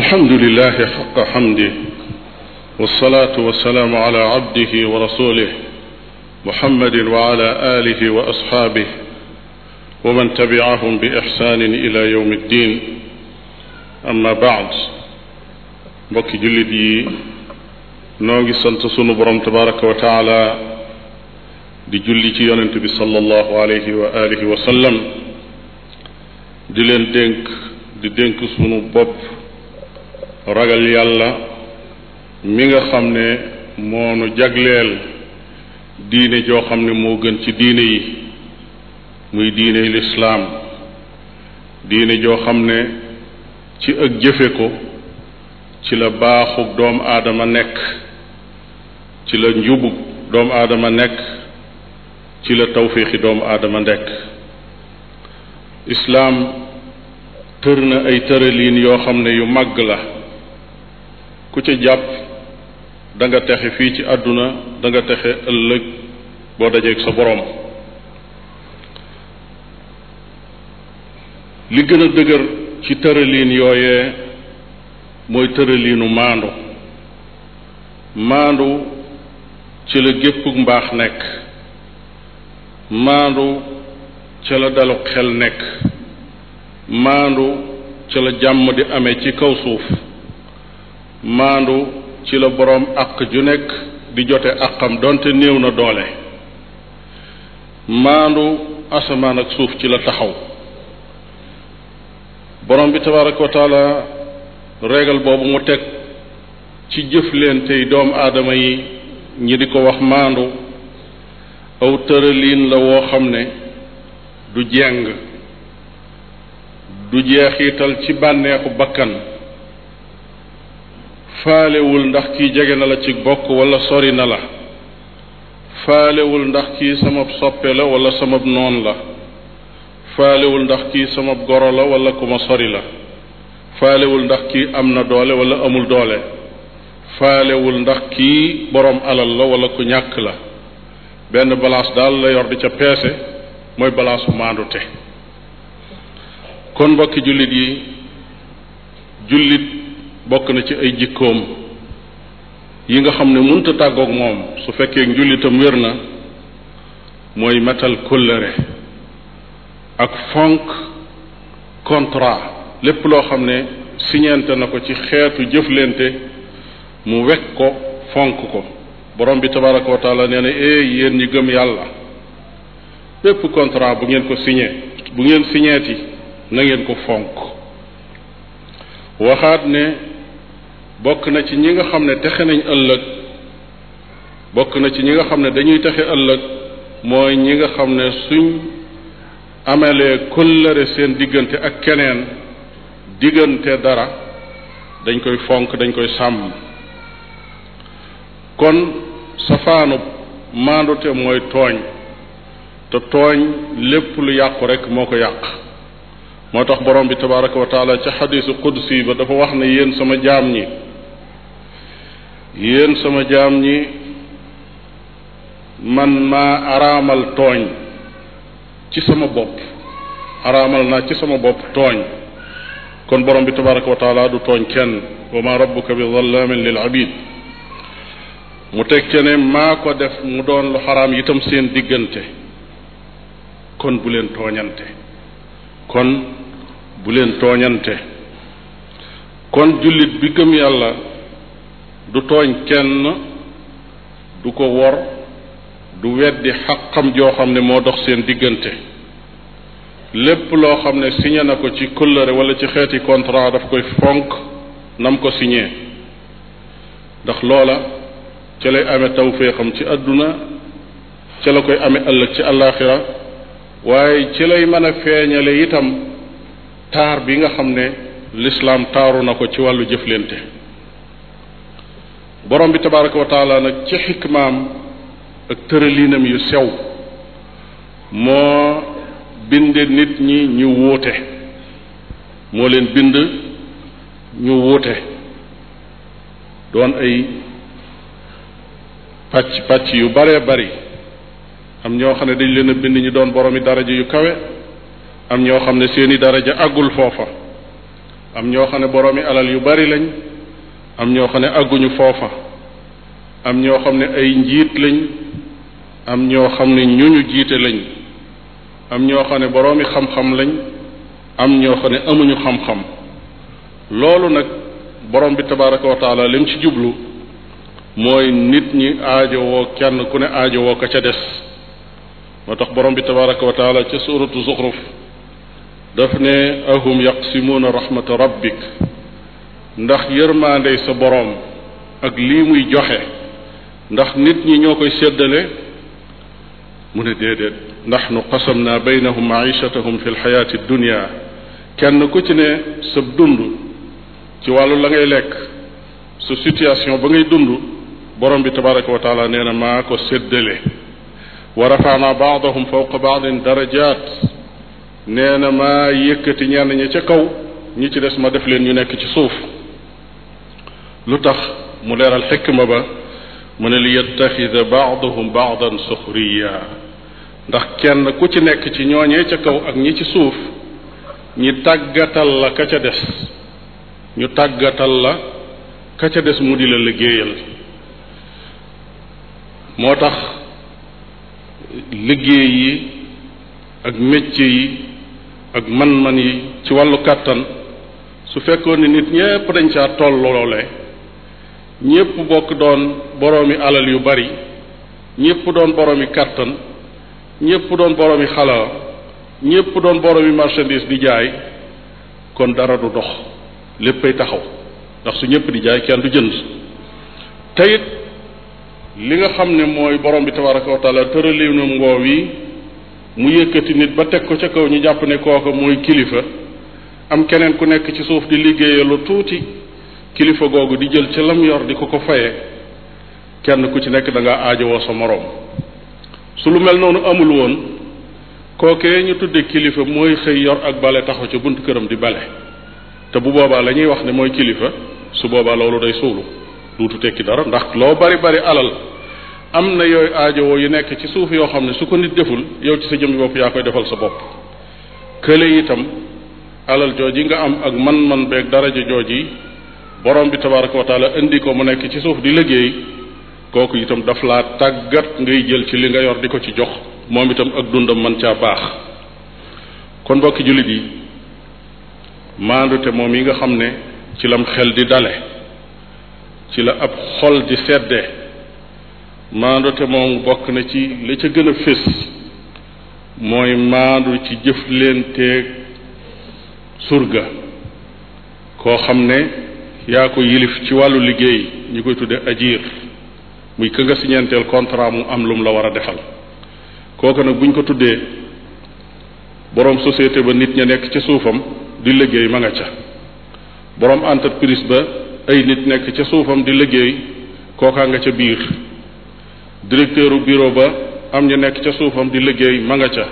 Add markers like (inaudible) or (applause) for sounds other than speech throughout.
alhamdulilah xaqa xamdi walsalaatu walsalaamu ala abdihi wa rasulih muhammadin wa ala alihi wa asxaabih wa man tabiahum bi ixsaanin ila yowm ddin amma baad mbokki jullit yi noo ngi sant sunu borom tabaraka wa taala di julli ci yonent bi sallallahu alayhi wa alihi wa sallam di leen dénk di dénk sunu bopp ragal yàlla mi nga xam ne moo jagleel diine joo xam ne moo gën ci diine yi muy diine lislaam diine joo xam ne ci ak jëfe ko ci la baaxug doomu aadama nekk ci la njubu doomu aadama nekk ci la tawféexi doomu aadama nekk islaam tër na ay tëraliin yoo xam ne yu màgg la ku ca jàpp da nga texe fii ci àdduna danga nga texe ëllëg boo dajeeg sa boroom li gën a dëgër ci tëraliin yooyee mooy tëraliinu maandu maandu ci la gépp mbaax nekk maandu ca la dalu xel nekk maandu ca la jàmm di amee ci kaw suuf maandu ci la boroom àq ju nekk di jote àqam donte néew na doole maandu asamaan ak suuf ci la taxaw borom bi tabaraka wa taala régal boobu mu teg ci jëflentey doomu aadama yi ñi di ko wax maandu aw tëraliin la woo xam ne du jeng du jeexital ci bànneexu bakkan faalewul ndax ki jege na la ci bokk walla sori na la faalewul ndax kii sama soppe la walla sama noon la faalewul ndax kii sama goro la walla ku ma sori la faalewul ndax kii am na doole walla amul doole faalewul ndax kii boroom alal la wala ku ñàkk la benn balance daal la yor di ca peese mooy balance maandute kon mbokki jullit yi jullit bokk na ci ay jikkoom yi nga xam ne munta tàggook moom su fekkee njullitam wér na mooy matal kóllëre ak fonk contrat lépp loo xam ne siñente na ko ci xeetu jëflente mu wekk ko fonk ko borom bi tabaraka wa taala nee na ñi gëm yàlla lépp contrat bu ngeen ko signé bu ngeen signeeti na ngeen ko fonk waxaat ne bokk na ci ñi nga xam ne texe nañ ëllëg bokk na ci ñi nga xam ne dañuy texe ëllëg mooy ñi nga xam ne suñ amelee kóllëre seen diggante ak keneen diggante dara dañ koy fonk dañ koy sàmm kon safaanub maandute mooy tooñ te tooñ lépp lu yàqu rek moo ko yàq moo tax borom bi tabaraka wa taala ca xadisu qudsi ba dafa wax ne yéen sama jaam ñi yéen sama jaam ñi man maa araamal tooñ ci sama bopp araamal naa ci sama bopp tooñ kon borom bi tabaraka wa taala du tooñ kenn wa ma rabbuka bi zallaamin mu teg ca ne maa ko def mu doon lu xaraam itam seen diggante kon bu leen tooñante kon bu leen tooñante kon jullit bi gëm yàlla du tooñ kenn du ko wor du weddi xaqam joo xam ne moo dox seen diggante lépp loo xam ne signé na ko ci kóllëre wala ci xeeti contrat daf koy fonk nam ko signé ndax loola ci lay ame tawféexam ci àdduna ca la koy amee ëllëg ci àllaaxira waaye ci lay mën a feeñale itam taar bi nga xam ne lislaam taaru na ko ci wàllu jëflante borom bi tabaraka wa taala nag ci xikmaam ak tëraliinam yu sew moo binde nit ñi ñu wuute moo leen bind ñu wuute doon ay pàcc pàcc yu baree bari am ñoo xam ne dañ leen bind ñu doon boroomi daraja yu kawe am ñoo xam ne seeni daraja àggul foofa am ñoo xam ne boroomi alal yu bari lañ am ñoo xam ne àgguñu foofa am ñoo xam ne ay njiit lañ am ñoo xam ne ñu jiite lañ am ñoo ne boroomi xam-xam lañ am ñoo xam ne amuñu xam-xam loolu nag borom bi tabaraka wa taala ci jublu mooy nit ñi aajowoo kenn ku ne aajowoo ka ca des moo tax borom bi tabaraka wa ca suratu zuxruf daf ne ahum yaqsimuuna rahmata rabbik ndax yërmaandey sa boroom ak lii muy joxe ndax nit ñi ñoo koy séddale mu ne déedéet nahnu qasamna baynahum maichatahum fi lxayaati dunia kenn ku ci ne sa dund ci wàllu la ngay lekk sa situation ba ngay dund borom bi tabaraka wa taala nee maa ko séddale wa rafaana baax fawqa baadin darajat nee na maa yëkkati ñenn ña ca kaw ñu ci des ma def leen ñu nekk ci suuf lu tax mu leeral xikma ba mu ne li yattaxida baaduhum baadan suxriya ndax kenn ku ci nekk ci ñooñee ca kaw ak ñi ci suuf ñi tàggatal la ka ca des ñu tàggatal la ka ca des mu di la liggéeyal moo tax liggéey yi ak métier yi ak man-man yi ci wàllu kàttan su fekkoon ne nit ñépp dañ caa tolloole ñépp bokk doon boroomi alal yu bari ñépp doon boromi kàttan ñépp doon boroomi xalaa ñépp doon boroomi marchandise di jaay kon dara du dox léppay taxaw ndax su ñépp di jaay kenn du jënd te li nga xam ne mooy borom bi tabaraka wa taala tëraliw yi mu yëkkati nit ba teg ko ca kaw ñu jàpp ne kooka mooy kilifa am keneen ku nekk ci suuf di liggéeyalu tuuti kilifa googu di jël ci lam yor di ko ko faye kenn ku ci nekk da ngaa aajowoo sa moroom su lu mel noonu amul woon kookee ñu tudde kilifa mooy xëy yor ak bale taxaw ca buntu këram di bale te bu boobaa lañuy wax ne mooy kilifa su boobaa loolu day suulu duutu tekki dara ndax loo bari bari alal am na yooyu woo yu nekk ci suuf yoo xam ne su ko nit deful yow ci sa jëmmi bopp yaa koy defal sa bopp kële itam alal jooji nga am ak man-man beeg daraja jooji borom bi tabaraka wa indi ko mu nekk ci suuf di liggéey kooku itam daf la tàggat ngay jël ci li nga yor di ko ci jox moom itam ak dundam man caa baax kon mbokki jullit yi maandute moom yi nga xam ne ci lam xel di dale ci la ab xol di sedde maandute moom bokk na ci li ca gën a fés mooy maandu ci jëf jëflenteeg surga koo xam ne yaa ko yilif ci wàllu liggéey ñu koy tudde ajir muy ka nga contrat mu am lum la war a defal kooku nag buñ ko tuddee borom société ba nit ña nekk ca suufam di liggéey ma nga ca borom entreprise ba ay nit nekk ca suufam di liggéey kookaa nga ca biir directeur u bureau ba am ñu nekk ca suufam di liggéey ma nga ca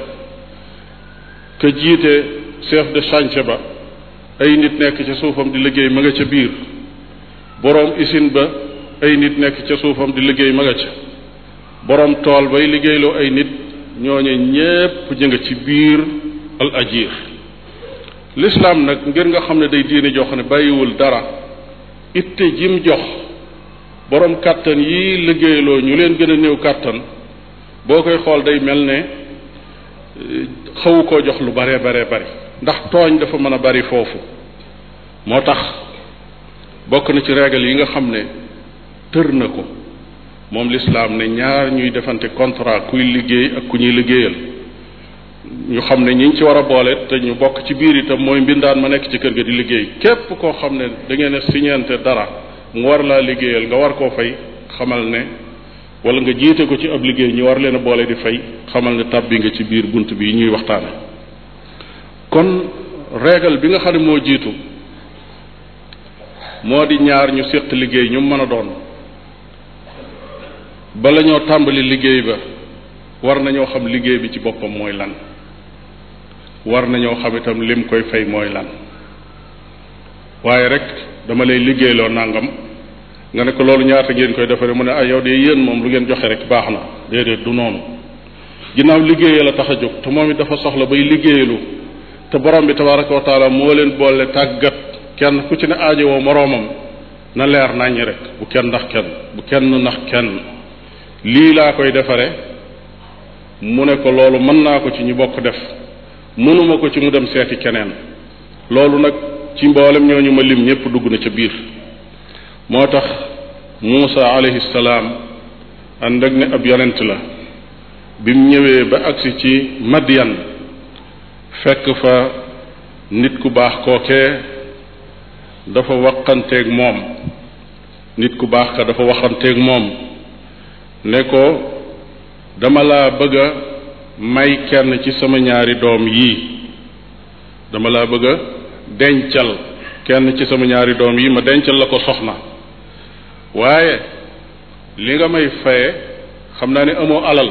ka jiite chef de chantier ba ay nit nekk ca suufam di liggéey ma nga ca biir boroom usine ba ay nit nekk ca suufam di liggéey ma nga ca boroom tool bay liggéeyloo ay nit ñooñu ñépp ñu ci biir al ajir lislaam nag ngir nga xam ne day diine joo ne bàyyiwul dara itte jim jox boroom kàttan yi liggéeyloo ñu leen gën a néew kàttan boo koy xool day mel ne xawu koo jox lu bare bare bari ndax tooñ dafa mën a bari foofu moo tax bokk na ci règle yi nga xam ne tër na ko moom lislaam ne ñaar ñuy defante contrat kuy liggéey ak ku ñuy liggéeyal ñu xam ne ñi ci war a boole te ñu bokk ci biir itam mooy mbindaan ma nekk ci kër gi di liggéey képp koo xam ne da ngeen a dara mu war laa liggéeyal nga war koo fay xamal ne wala nga jiite ko ci ab liggéey ñu war leen a boole di fay xamal ne tàbbi nga ci biir bunt bi ñuy waxtaane kon règle bi nga xam ne moo jiitu moo di ñaar ñu séq liggéey ñu mën a doon bala ñoo tàmbali liggéey ba war nañoo xam liggéey bi ci boppam mooy lan war nañoo xam itam lim koy fay mooy lan waaye rek dama lay liggéeyloo nàngam nga ne ko loolu ñaata ngeen koy defaree mu ne ah yow de yéen moom lu ngeen joxe rek baax na déedéet du noonu ginnaaw liggéeyee la tax a jóg te moom it dafa soxla bay liggéeyalu te borom bi tabaraka wa taala moo leen boole tàggat kenn ku ci ne aajowoo moroomam na leer naññi rek bu kenn ndax kenn bu kenn ndax kenn lii laa koy defare mu ne ko loolu mën naa ko ci ñu bokk def mënuma ko ci mu dem seeti keneen loolu nag ci mboolem ñooñu ma lim ñépp dugg na ca biir moo tax Muusa alayhi salaam ànd ak ne ab yonent la bi mu ñëwee ba agsi ci Madiyan fekk fa nit ku baax kookee dafa waxanteeg moom nit ku baax ka dafa waxanteeg moom ne ko dama laa bëgga may kenn ci sama ñaari doom yii dama laa bëgg dencal kenn ci sama ñaari doom yi ma dencal la ko soxna waaye li nga may faye xam naa ni amoo alal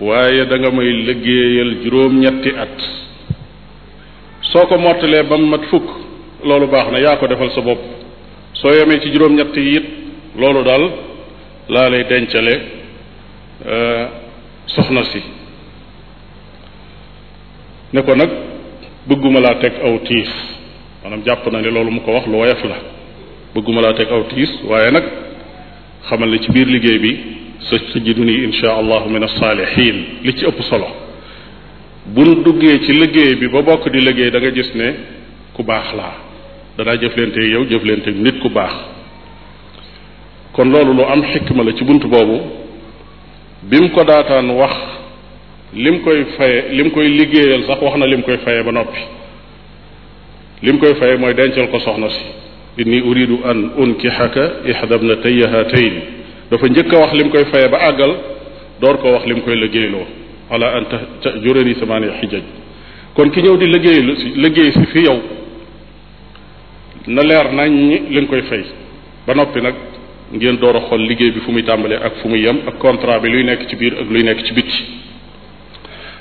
waaye danga may liggéeyal juróom-ñetti at soo ko mottalee ba mu mat fukk loolu baax na yaa ko defal sa bopp soo yemee ci juróom-ñetti it loolu daal laa lay dencale euh, soxna si ne ko nag bëgguma laa teg aw tiis maanaam jàpp na ne loolu mu ko wax lu woyof la bëgguma laa teg aw tiis waaye nag xamal ne ci biir liggéey bi satajiduni insha allahu min alsaalihin li ci ëpp solo buñ duggee ci liggéey bi ba bokk di liggéey da nga gis ne ku baax laa danaa jëflante yow jëflante nit ku baax kon loolu lu am xikma la ci bunt boobu bi mu ko daataan wax lim koy li lim koy liggéeyal sax wax na lim koy faye ba noppi lim koy faye mooy dencal ko soxna si inni uridu an unkixaka ixdabnataya hatayn dafa njëkk a wax lim koy faye ba àggal door ko wax lim koy liggéeyloo ala an tajurani samaaniya xijaj kon ki ñëw di liggéey liggéey si fi yow na leer nañ ñi li koy fay ba noppi nag ngeen door a xool liggéey bi fu muy tàmbalee ak fu muy yem ak contrat bi luy nekk ci biir ak luy nekk ci bitti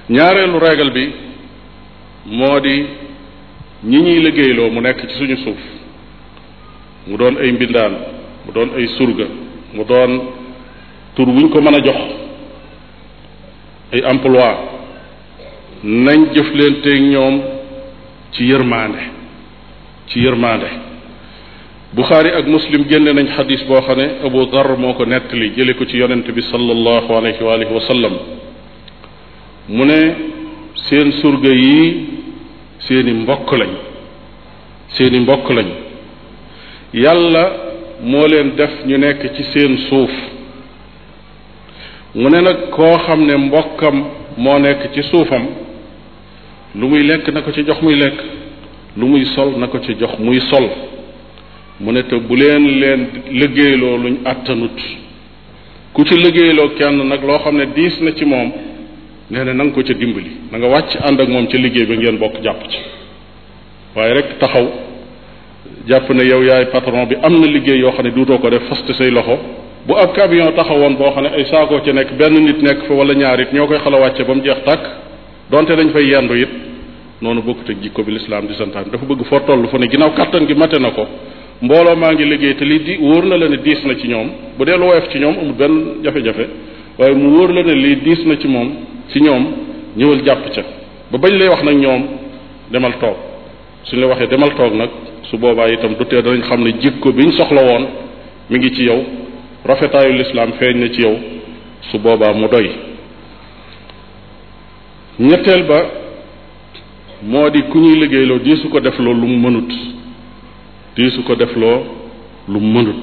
ñaareelu règle bi moo di ñi ñuy liggéeyloo mu nekk ci suñu suuf mu doon ay mbindaan mu doon ay surga mu doon tur wuñ ko mën a jox ay emploi nañ jëf jëflanteeg ñoom ci yërmaande ci yërmaande buxaari ak muslim génne nañ xadis boo xam ne abu dar moo ko nettali jële ko ci yonent bi sallallahu alayhi wa alihi wa sallam mu ne seen surga yi seeni mbokk lañ seeni mbokk lañ yàlla moo leen def ñu nekk ci seen suuf mu ne nag koo xam ne mbokkam moo nekk ci suufam lu muy lekk na ko ci jox muy lekk lu muy sol na ko ci jox muy sol mu ne te bu leen leen liggéeyloo luñ àttanut ku ci liggéeyloo kenn nag loo xam ne diis na ci moom nee ne na ko ca dimbali na nga wàcc ànd ak moom ca liggéey ba ngeen bokk jàpp ci waaye rek taxaw jàpp na yow yaay patron bi am na liggéey yoo xam ne duutoo ko def faste say loxo bu ab camion taxawoon boo xam ne ay saakoo ci nekk benn nit nekk fa wala ñaar it ñoo koy xala wàcce ba mu jeex tàkk donte dañ fay yendu it noonu bokkut ak jikko bi lislaam di santaan dafa bëgg foo toll fu ne ginnaaw kàttan gi mate na ko mbooloo maa ngi liggéey te lii di wóor na la ne diis na ci ñoom bu dee lu woyof ci ñoom amul benn jafe-jafe waaye mu wóor la ne lii diis na ci moom ci ñoom ñëwal jàpp ca ba bañ lay wax nag ñoom demal toog suñ la waxee demal toog nag su boobaa itam du tee danañ xam ne jikko biñ soxla woon mu ngi ci yow rafetaayu lislaam feeñ na ci yow su boobaa mu doy ñetteel ba moo di ku ñuy liggéeyloo di su ko defloo lu mu mënut di su ko defloo lu mu mënut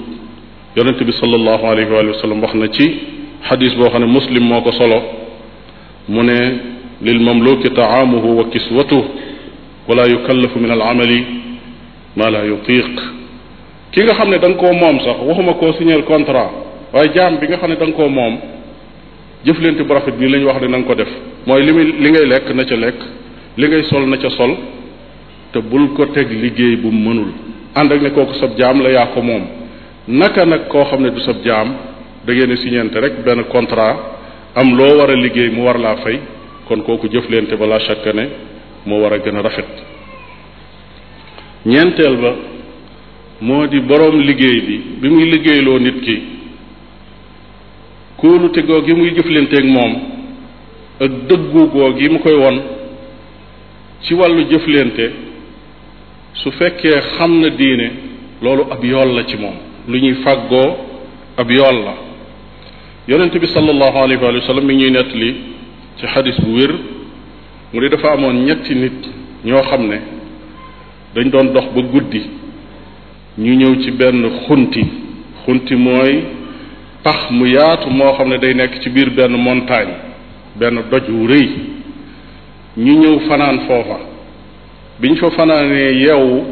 yonent bi sallallahu alayhi wa sallam wax na ci xadis boo xam ne muslim moo ko solo mu ne lil mamluki taamuhu wa kiswatuhu wala yukallafu min al amali maa la yutiq ki nga xam ne da nga koo moom sax waxuma koo signer contrat waaye jaam bi nga xam ne da nga koo moom jëflante bu rafet bii la wax ne nanga ko def mooy li li ngay lekk na ca lekk li ngay sol na ca sol te bul ko teg liggéey bu mu mënul ànd ak ne kooku sab jaam la yaa ko moom naka nag koo xam ne du sab jaam da ngeen a rek benn contrat am loo war a liggéey mu war laa fay kon kooku jëflante ba la chaque année moo war a gën a rafet ñeenteel ba moo di boroom liggéey bi bi muy liggéeyloo nit ki kóolute goo gi muy jëflanteeg moom ak dëggu goo gi mu koy won ci wàllu jëflante su fekkee xam na diine loolu ab yool la ci moom lu ñuy fàggoo ab yool la yonente bi sallallahu alayhi wa sallam mi ñuy nett li ci xadis bu wér mu di dafa amoon ñetti nit ñoo xam ne dañ doon dox ba guddi ñu ñëw ci benn xunti xunti mooy pax mu yaatu moo xam ne day nekk ci biir benn montagne benn doj wu rëy ñu ñëw fanaan foofa biñ fa fanaanee yeewu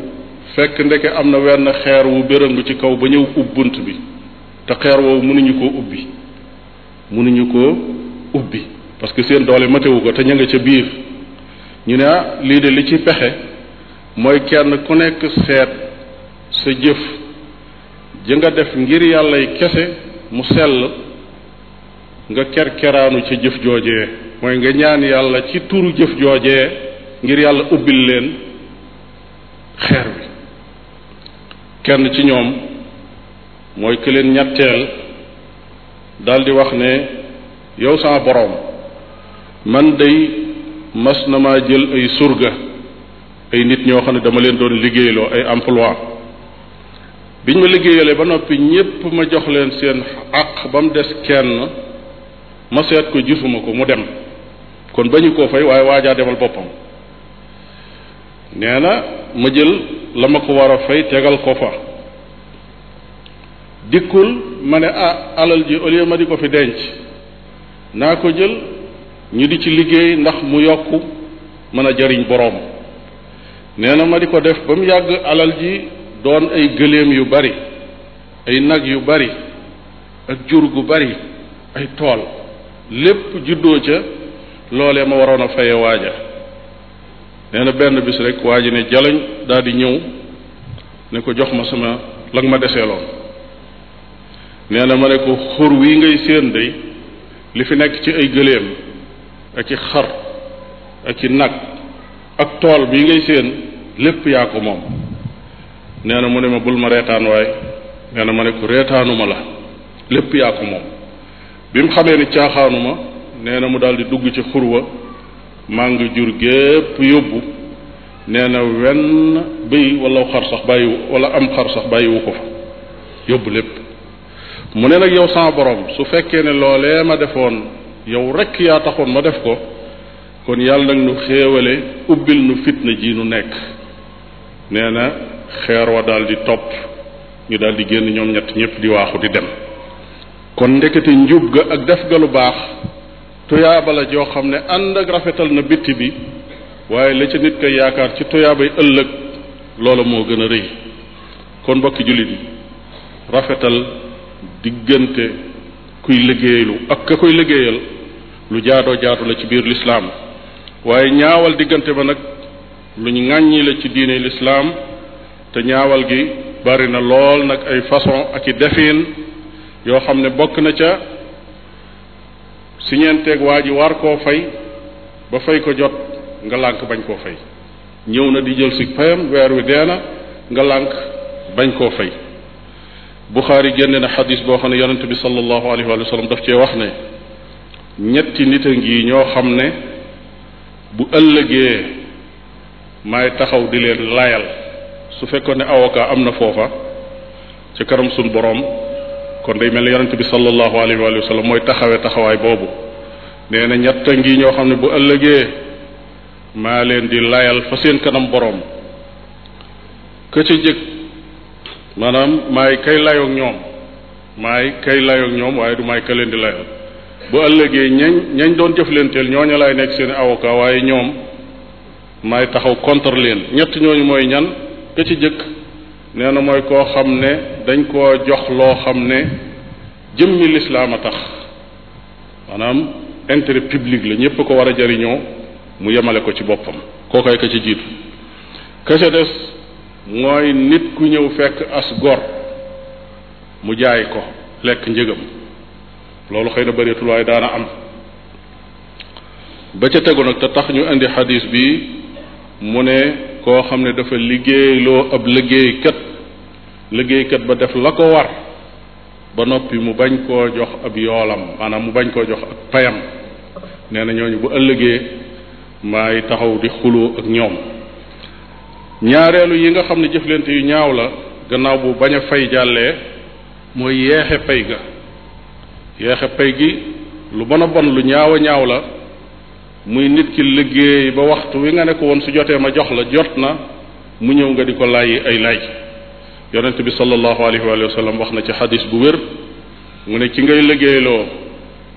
fekk ndeke am na wenn xeer wu bërëngu ci kaw ba ñëw ub bunt bi te xeer woowu mënuñu ko ubbi mënuñu ko ubbi parce que seen doole matewu ko te ña nga ca biir ñu ne ah, lii de li ci pexe mooy kenn ku nekk seet sa jëf ji nga def ngir yàllay kese mu sell nga kerkeraanu ca jëf jooje mooy nga ñaan yàlla ci turu jëf joojee ngir yàlla ubbil leen xeer wi kenn ci ñoom mooy ki leen ñetteel daldi wax ne yow sama boroom man day mas na ma jël ay surga ay nit ñoo xam ne dama leen doon liggéeyloo ay emploi biñ ma liggéeyalee ba noppi ñépp ma jox leen seen àq ba mu des kenn ma seet ko gisuma ko mu dem kon bañu koo fay waaye waajaa demal boppam nee na ma jël la ma ko war a fay tegal ko fa dikkul ma ne ah alal ji au ma di ko fi denc naa ko jël ñu di ci liggéey ndax mu yokk mën a jariñ boroom nee na ma di ko def ba mu yàgg alal ji doon ay gëléem yu bari ay nag yu bari ak jur gu bari ay tool lépp juddoo ca loolee ma waroon a faye waaja nee na benn bis rekk waa ji ne jalañ daal ñëw ne ko jox ma sama lag ma deseeloon nee na ma ne ko xur wi ngay séen day li fi nekk ci ay gëléem ak i xar ak i nag ak tool bii ngay séen lépp yaa ko moom nee na mu ne ma bul ma reetaan waay nee na ma ne ko reetaanuma la lépp yaa ko moom bi mu xamee ni caaxaanuma nee na mu daldi dugg ci xurwa màng jur gépp yóbbu nee na wenn bëy wala xar sax bàyyiwu wala am xar sax bàyyiwu ko fa yóbbu lépp mu ne nag yow sama borom su fekkee ne loolee ma defoon yow rekk yaa taxoon ma def ko kon yàlla nag nu xéewale ubbil nu fitna ji nu nekk nee na xeer wa daal topp ñu daal di génn ñoom ñett ñépp di waaxu di dem kon ndekete njub ga ak def ga lu baax tuyaaba joo xam ne ànd ak rafetal na bitti bi waaye la ca nit koy yaakaar ci tuyaabay ëllëg loola moo gën a rëy kon mbokki jullit yi rafetal diggante kuy liggéeylu ak ka koy liggéeyal lu jaadoo jaadu la ci biir lislaam waaye ñaawal diggante ba nag luñ ŋàññi la ci diine lislaam te ñaawal gi bari na lool nag ay façon ak i defin yoo xam ne bokk na ca siñeenteeg waa ji war koo fay ba fay ko jot nga lànk bañ koo fay ñëw na di jël si payam weer wi dee na nga lànk bañ koo fay Buxaari génne na xadis boo xam ne yonente bi sallallahu alayhi wa sallam daf cee wax ne ñetti nit a ngi ñoo xam ne bu ëllëgee maay taxaw di leen layal su fekkoon ne avocat am na foofa ci kanam suñ boroom kon day mel ni yonente bi sallallahu alayhi wa mooy taxawee taxawaay boobu nee na ñett ngi ñoo xam ne bu ëllëgee maa leen di layal fa seen kanam boroom ka ci jëkk maanaam maay kay layoog ñoom maay kay layoog ñoom waaye du maay ka leen di layal bu ëllëgee ñañ ñañ doon ñoo ñooñu laay nekk seen avocat waaye ñoom may taxaw contre leen ñett ñooñu mooy ñan ka ci jëkk nee na mooy koo xam ne dañ koo jox loo xam ne jëmmi lislaam a tax maanaam intérêt public la ñépp ko war a jariñoo mu yemale ko ci boppam kookaay ka ci jiitu ka ca des mooy nit ku ñëw fekk as gor mu jaay ko lekk njëgam loolu xëy na bëreetul waaye daana am ba ca tegu nag te tax ñu indi xadiis bi mu ne koo xam ne dafa liggéey loo ab liggéeykat liggéeykat ba def la ko war ba noppi mu bañ koo jox ab yoolam maanaam mu bañ koo jox ak payam nee na ñooñu bu ëllëgee maay taxaw di xuloo ak ñoom ñaareelu yi nga xam ne jëflante yu ñaaw la gannaaw bu bañ a fay jàllee mooy yeexe pay ga yéex pay gi lu mën a bon lu ñaaw a ñaaw la muy nit ki liggéey ba waxtu wi nga ne ko woon su jotee ma jox la jot na mu ñëw nga di ko laaj ay lay yonent bi sallallahu alayhi wa sallam wax na ci xadiis bu wér mu ne ci ngay liggéeyloo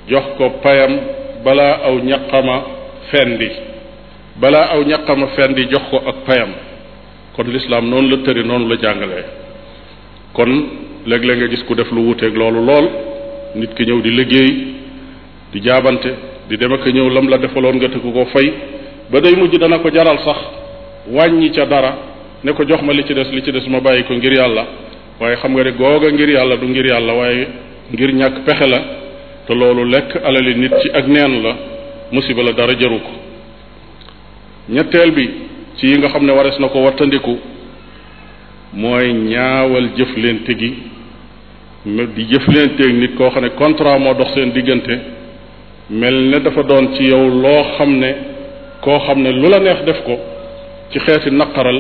jox ko payam balaa aw ñaqama fendi balaa aw ñaqama fendi jox ko ak payam kon lislaam noonu la tëri noonu la jàngale kon léeg-léeg nga gis ku def lu wuuteeg loolu lool nit ki ñëw di liggéey di jaabante di dem ak ñëw lam la defaloon nga te ko ko fay ba day mujj dana ko jaral sax wàññi ca dara ne ko jox ma li ci des li ci des ma bàyyi ko ngir yàlla waaye xam nga ne googa ngir yàlla du ngir yàlla waaye ngir ñàkk pexe la te loolu lekk alali nit ci ak neen la musiba la dara jaru ko ñetteel bi ci yi nga xam ne warees na ko wattandiku mooy ñaawal jëflante gi mais di leen technique koo xam ne contrat moo dox seen diggante mel ne dafa doon ci yow loo xam ne koo xam ne lu la neex def ko ci xeeti naqaral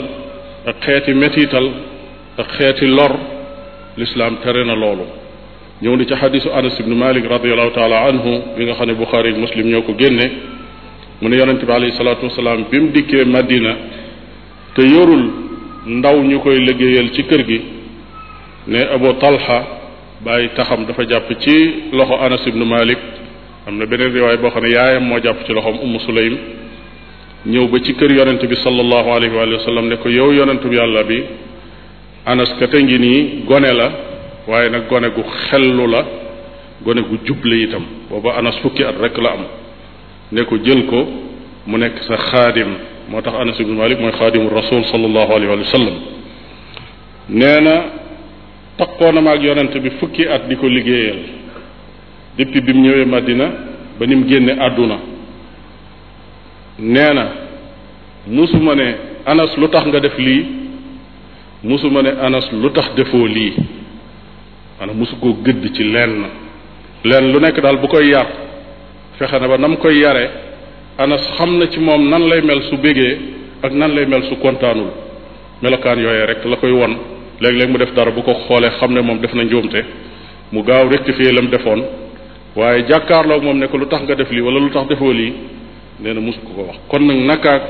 ak xeeti metital ak xeeti lor lislaam tere na loolu ñëw ni ci xadisu anas ibnu malik radiallahu taala anhu bi nga xam ne buxaari ak muslim ñoo ko génne mu ne yonente bi alayhi bi mu dikkee madina te yorul ndaw ñu koy liggéeyal ci kër gi ne abu talha bàyyi taxam dafa jàpp ci loxo anas ibnu malik am na beneen riwaay boo xam ne yaayam moo jàpp ci loxoom umu sulaym ñëw ba ci kër yonent bi sallallahu alayhi wa sallam ne ko yow yonentu yàlla bi anas kate ngi nii gone la waaye nag gone gu xellu la gone gu juble itam booba anas fukki at rek la am ne ko jël ko mu nekk sa xaadim moo tax anas ibnu malik mooy xaadimu rasul sallallahu alayhi wa sallam nee na takkoo na ma ak yonent bi fukki at di ko liggéeyal depuis bi mu ñëwee Madina ba ni mu génne àdduna nee na musuma ne Anas lu tax nga def lii musuma ne Anas lu tax defoo lii maanaam musu koo gëdd ci lenn leen lu nekk daal bu koy yàq fexe na ba na mu koy yare Anas xam na ci moom nan lay mel su bégee ak nan lay mel su kontaanul melokaan yooyee rek la koy won léeg-léeg mu def dara bu ko xoolee xam ne moom def na njuumte mu gaaw rectifier lam defoon waaye jàkkaarloo moom ne ko lu tax nga def lii wala lu tax defoo lii nee na mus ko ko wax kon nag nakaak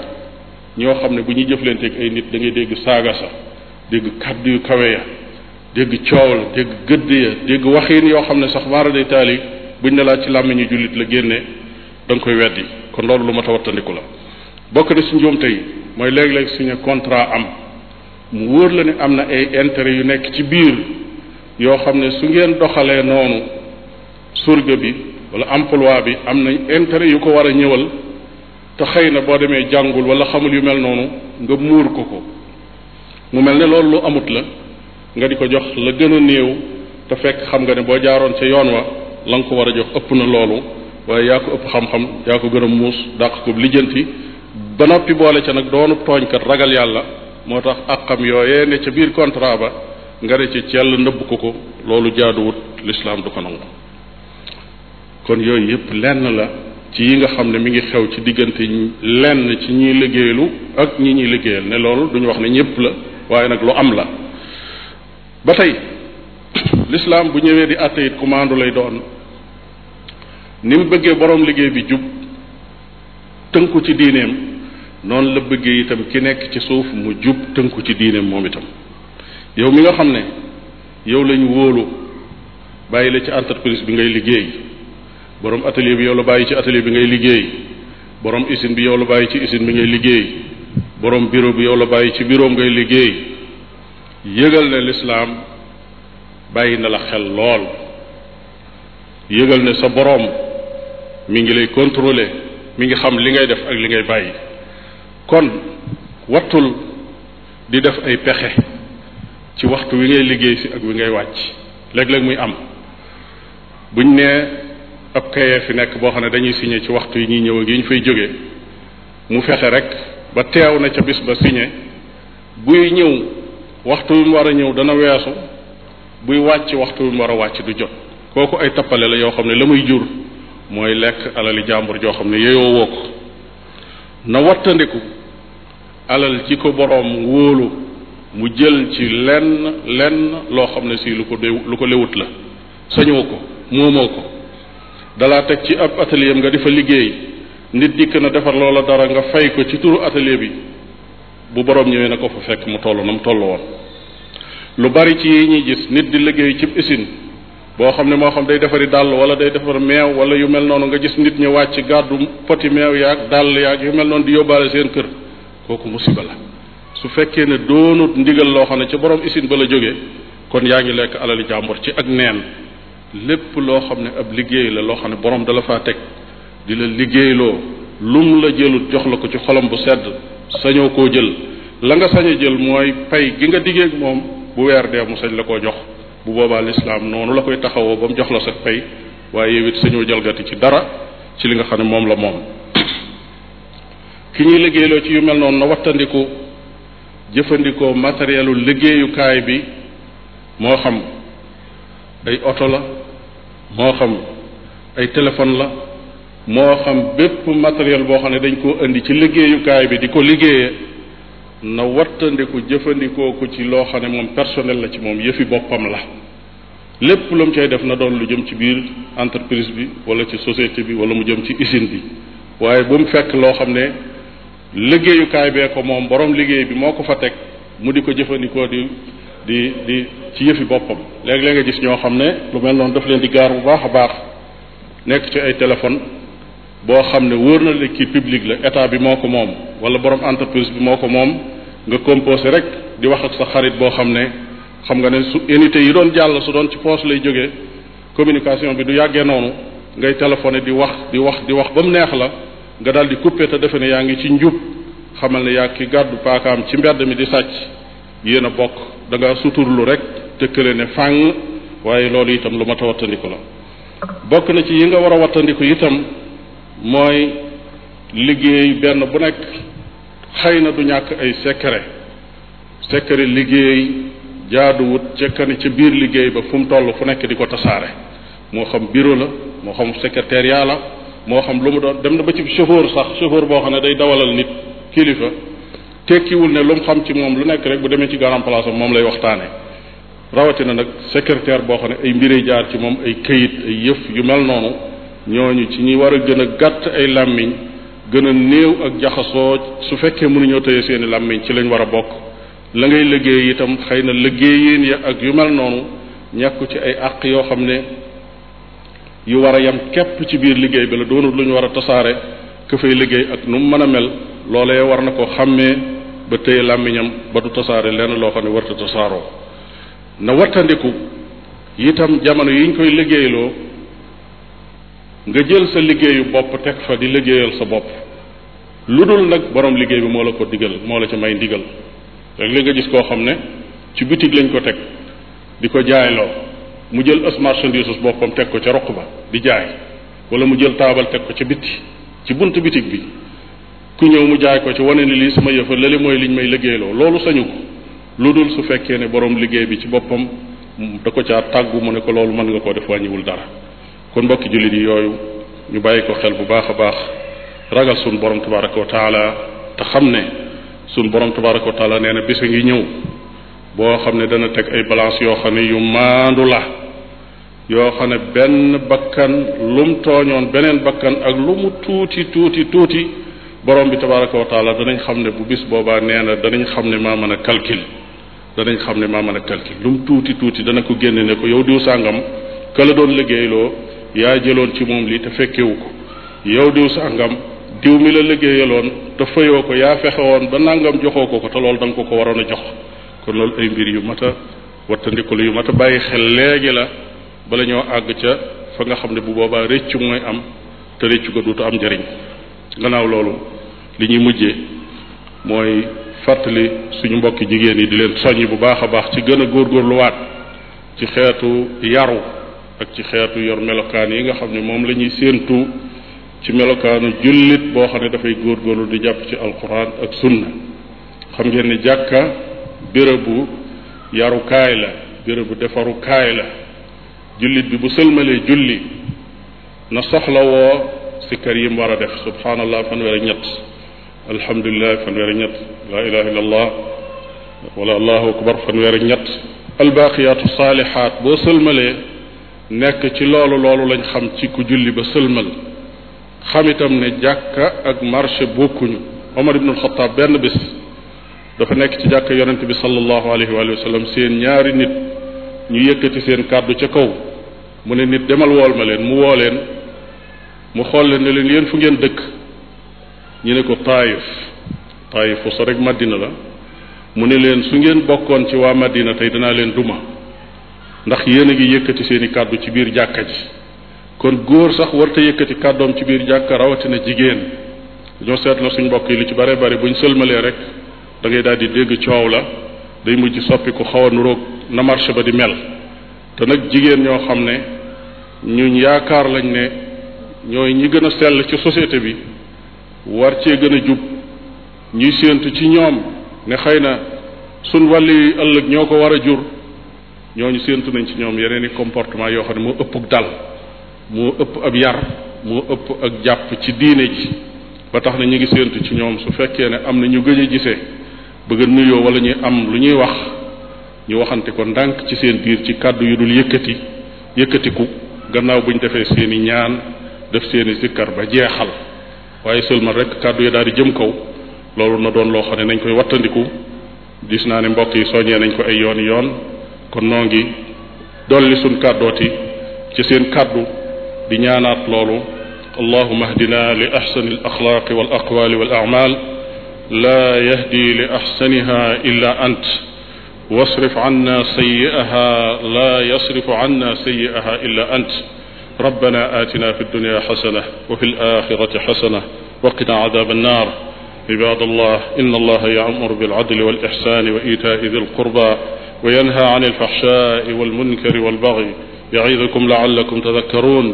ñoo xam ne bu ñuy jëflanteeg ay nit da dégg saaga sa dégg kàddu yu kawe ya dégg coow gëdd ya dégg waxiin yoo xam ne sax waara day taali buñ ne laa ci làmmiñu jullit la génne da nga koy weddi kon loolu lu ma ta wattandiku la bokk na si njuumte yi mooy léeg-léeg signé contrat am mu wóor la ne am na ay intérêt yu nekk ci biir yoo xam ne su ngeen doxalee noonu surga bi wala emploi bi am na intérêt yu ko war a ñëwal te xëy na boo demee jàngul wala xamul yu mel noonu nga muur ko ko mu mel ne loolu lu amut la nga di ko jox la gën a néew te fekk xam nga ne boo jaaroon ca yoon wa la nga ko war a jox ëpp na loolu waaye yaa ko ëpp xam-xam yaa ko gën a muus dàq ko lijjanti ba noppi boole ca nag doonu tooñkat ragal yàlla moo tax àqam yooyee ne ca biir contrat ba nga ne ci cell nëbb ko ko loolu jaaduwut lislaam du ko nangu kon yooyu yépp lenn la ci yi nga xam ne mi ngi xew ci diggante lenn ci ñiy liggéeyalu ak ñi ñuy liggéeyal ne loolu duñu wax ne ñépp la waaye nag lu am la ba tey (coughs) lislaam bu ñëwee di àtte it lay doon ni mu bëggee boroom liggéey bi jub tënku ci diineem noonu la bëggee itam ki nekk ci suuf mu jub tënku ci diine moom itam yow mi nga xam ne yow lañ wóolu bàyyi la ci entreprise bi ngay liggéey borom atelier bi yow la bàyyi ci atelier bi ngay liggéey borom usine bi yow la bàyyi ci usine bi ngay liggéey borom bureau bi yow la bàyyi ci bureau ngay liggéey yëgal ne lislaam bàyyi na la xel lool yëgal ne sa boroom mu ngi lay contrôler mi ngi xam li ngay def ak li ngay bàyyi kon wattul di def ay pexe ci waxtu wi ngay liggéey si ak wi ngay wàcc léeg-léeg muy am buñ nee ab kayee fi nekk boo xam ne dañuy signé ci waxtu yi ñuy ñëw ak yi ñu fay jógee mu fexe rek ba teew na ca bis ba signé buy ñëw waxtu wi mu war a ñëw dana weesu buy wàcc waxtu wi mu war a wàcc du jot kooku ay tappale la yoo xam ne la muy jur mooy lekk alali jàmbur joo xam ne yeyoo woo ko na wattandiku alal ci ko borom wóolu mu jël ci lenn lenn loo xam ne si lu ko lu ko lewut la sañoo ko moomoo ko dalaa teg ci ab atelier nga di liggéey nit dikk na defar loola dara nga fay ko ci turu atelier bi bu borom ñëwee na ko fa fekk mu toll na mu toll woon lu bari ci yi ñuy gis nit di liggéey cib usine boo xam ne moo xam day defari dàll wala day defar meew wala yu mel noonu nga gis nit ñi wàcc gàddu poti meew yaag dàll yaag yu mel noonu di yóbbaale seen kër kooku musiba la su fekkee ne doonut ndigal loo xam ne ci borom isin ba la jóge kon yaa ngi lekk alali jàmbur ci ak neen lépp loo xam ne ab liggéey la loo xam ne borom dala faa teg di la liggéeyloo lum la jëlut jox la ko ci xolom bu sedd sañoo koo jël la nga sañ jël mooy pay gi nga diggéeg moom bu weer dee mu sañ la koo jox bu boobaa lislaam noonu la koy taxawoo ba mu jox la sa pay waaye yow it sañoo jalgati ci dara ci li nga xam ne moom la moom ki ñuy liggéeyloo ci yu mel noonu na wattandiku jëfandikoo matérielu liggéeyukaay bi moo xam ay oto la moo xam ay téléphone la moo xam bépp matériel boo xam ne dañ koo indi ci liggéeyukaay bi di ko liggéeye na wattandiku jëfandikoo ko ci loo xam ne moom personnel la ci moom yëfi boppam la lépp lu mu cay def na doon lu jëm ci biir entreprise bi wala ci société bi wala mu jëm ci usine bi waaye bu mu fekk loo xam ne liggéeyukaay bee ko moom boroom liggéey bi moo ko fa teg mu di ko jëfandikoo di di di ci yëfi boppam léeg-léeg nga gis ñoo xam ne lu mel noonu daf leen di gaar bu baax a baax nekk ci ay téléphone boo xam ne wóor na la kii la état bi moo ko moom wala borom entreprise bi moo ko moom nga composé rek di wax ak sa xarit boo xam ne xam nga ne su unité yi doon jàll su doon ci poche lay jógee communication bi du yàggee noonu ngay téléphoné di wax di wax di wax ba mu neex la nga daal di coupé te defe ne yaa ngi ci njub xamal ne yaa ki gàddu paakaam ci mbedd mi di sàcc yéen a bokk danga suturlu rek te kële ne fànn waaye loolu itam lu mat a wattandiku la bokk na ci yi nga war a wattandiku itam mooy liggéey benn bu nekk xëy na du ñàkk ay secret secret liggéey wut jaaduwut cekkani ci biir liggéey ba fu mu toll fu nekk di ko tasaare moo xam bureau la moo xam secrétariat yàlla moo xam lu mu doon dem na ba ci chauffeur sax chauffeur boo xam ne day dawalal nit kilifa tekkiwul ne lu mu xam ci moom lu nekk rek bu demee ci grand place moom lay waxtaane rawatina nag secrétaire boo xam ne ay mbiree jaar ci moom ay kayit ay yëf yu mel noonu ñooñu ci ñuy war a gën a gàtt ay làmmiñ gën a néew ak jaxasoo su fekkee mënuñoo tëye seeni làmmiñ ci lañ war a bokk la ngay liggéey itam xëy na liggéeyin ya ak yu mel noonu ñàkku ci ay àq yoo xam ne yu war a yam képp ci biir liggéey bi la doonut lu ñu war a tasaare ka fay liggéey ak nu mu mën a mel loolee war na ko xàmmee ba tëye làmmiñam ba du tasaare lenn loo xam ne warta tasaaroo na wattandiku itam jamono yiñ koy liggéeyaloo nga jël sa liggéeyu bopp teg fa di liggéeyal sa bopp lu dul nag boroom liggéey bi moo la ko digal moo la ca may ndigal léeg-léeg nga gis koo xam ne ci bitig lañ ko teg di ko jaayloo mu jël as marchandise boppam teg ko ca roq ba di jaay wala mu jël taabal teg ko ca bitti ci bunt bitig bi ku ñëw mu jaay ko ci wane ni lii sama yëfa lële mooy liñ may liggéeyloo loolu sañu ko lu dul su fekkee ne borom liggéey bi ci boppam da ko caa tàggu mu ne ko loolu mën nga koo def wàññiwul dara kon mbokki jullit yi yooyu ñu bàyyi ko xel bu baax a baax ragal suñ borom tabaraka wa taala te xam ne suñ borom tabaraka wa taala nee na bis a ngi ñëw boo xam ne dana teg ay balance yoo xam ne yu maandu la yoo xam ne benn bakkan lum tooñoon beneen bakkan ak lu tuuti tuuti tuuti borom bi tabaraka wa taala danañ xam ne bu bis boobaa nee na danañ xam ne maa mën a calcul danañ xam ne maa mën a calcul lu tuuti tuuti dana ko génne ne ko yow diw sàngam ka doon liggéeyloo yaa jëloon ci moom lii te fekkewu ko yow diw ngam diw mi la liggéeyaloon te fayoo ko yaa fexe ba nangam joxoo ko ko te lool da nga ko ko waroon a jox kon loolu ay mbir yu mat a wattandikul yu mat a bàyyi xel léegi la bala ñoo àgg ca fa nga xam ne bu boobaa rëccu mooy am te rëccu ko duutu am njariñ gannaaw loolu li ñuy mujje mooy fàttali suñu mbokki jigéen yi di leen soññ bu baax a baax ci gën a góor waat ci xeetu yaru ak ci xeetu yor melokaan yi nga xam ne moom lañuy séentu ci melokaanu jullit boo xam ne dafay góorgóorlu di jàpp ci alquran ak sunna xam ngeen ni jàkka bérébu yarukaay la bérébu defarukaay la jullit bi bu sëlmalee julli na soxla woo sikkar yi mu war a def subhaanallah fanweer ak ñett alhamdulilah fanweer ak ñett laa allah wala akbar fanweer ak albaaqiyaatu saalihaat boo sëlmalee nekk ci loolu loolu lañ xam ci ku julli ba sëlmal xam itam ne jàkka ak marché bokkuñu Omar ibn al benn bés dafa nekk ci jàkka yonent bi sallallahu alayhi walla sallam seen ñaari nit ñu yëkkati seen kàddu ca kaw mu ne nit demal wool ma leen mu woo leen mu xool leen ne leen yéen fu ngeen dëkk ñu ne ko taayif taayif fu rek madina la mu ne leen su ngeen bokkoon ci waa madina tey danaa leen duma ndax yéen a yëkkati seen i kàddu ci biir jàkka ji kon góor sax warta yëkkati kàddoom ci biir jàkk rawatina jigéen dañoo seetloo suñ mbokk yi lu ci bare bari ñu sëlmalee rek da ngay daal di dégg coow la day mujj soppi ku xaw a nuroog na marché ba di mel te nag jigéen ñoo xam ne ñuñ yaakaar lañ ne ñooy ñi gën a sell ci société bi war cee gën a jub ñuy séentu ci ñoom ne xëy na suñ wàlli ëllëg ñoo ko war a jur ñooñu séentu nañ ci ñoom yeneen i comportement yoo xam ne moo ëpp dal moo ëpp ab yar moo ëpp ak jàpp ci diine ji ba tax na ñu ngi séentu ci ñoom su fekkee ne am na ñu gëj a gisee bëgg nuyoo walla ñuy am lu ñuy wax ñu waxante ko ndànk ci seen biir ci kàddu yu dul yëkkati yëkkatiku gannaaw bu ñu defee seen i ñaan def seen i sikkar ba jeexal waaye seulement rek kàddu yi daal di jëm kaw loolu na doon loo xam ne nañ koy wattandiku diis naa ne mbokk yi soññee nañ ko ay yoon yoon kon noo ngi dolli suñ kàddooti ci seen kàddu di ñaanaat loolu allahuma ahdina li axsani al axlaaqi wal aqwaali wal acmaal laa yahdi li axsaniha illa ant wasrif anna sayyi'aha laa yasrifu anna sayyi'aha illa ant rabbana aatina fi dunya xasana wa fi laaxirati xasana wa qina cadaaba annaar ibaad allah inna allaha yaamuru bilcadli wal ixsaani wa iitaa'i dil qurbaa wa yanha an alfaxshaai walmunkari walbagi yaidukum laallakum tadakkaruun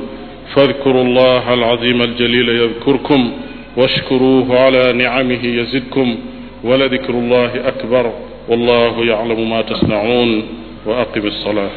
fadkuru llah alazima aljalila yadkurkum washkuruhu ala nicamihi yazidkum waladikru llahi akbar wallahu yaclamu ma tasnacuun wa aqimi alsalaa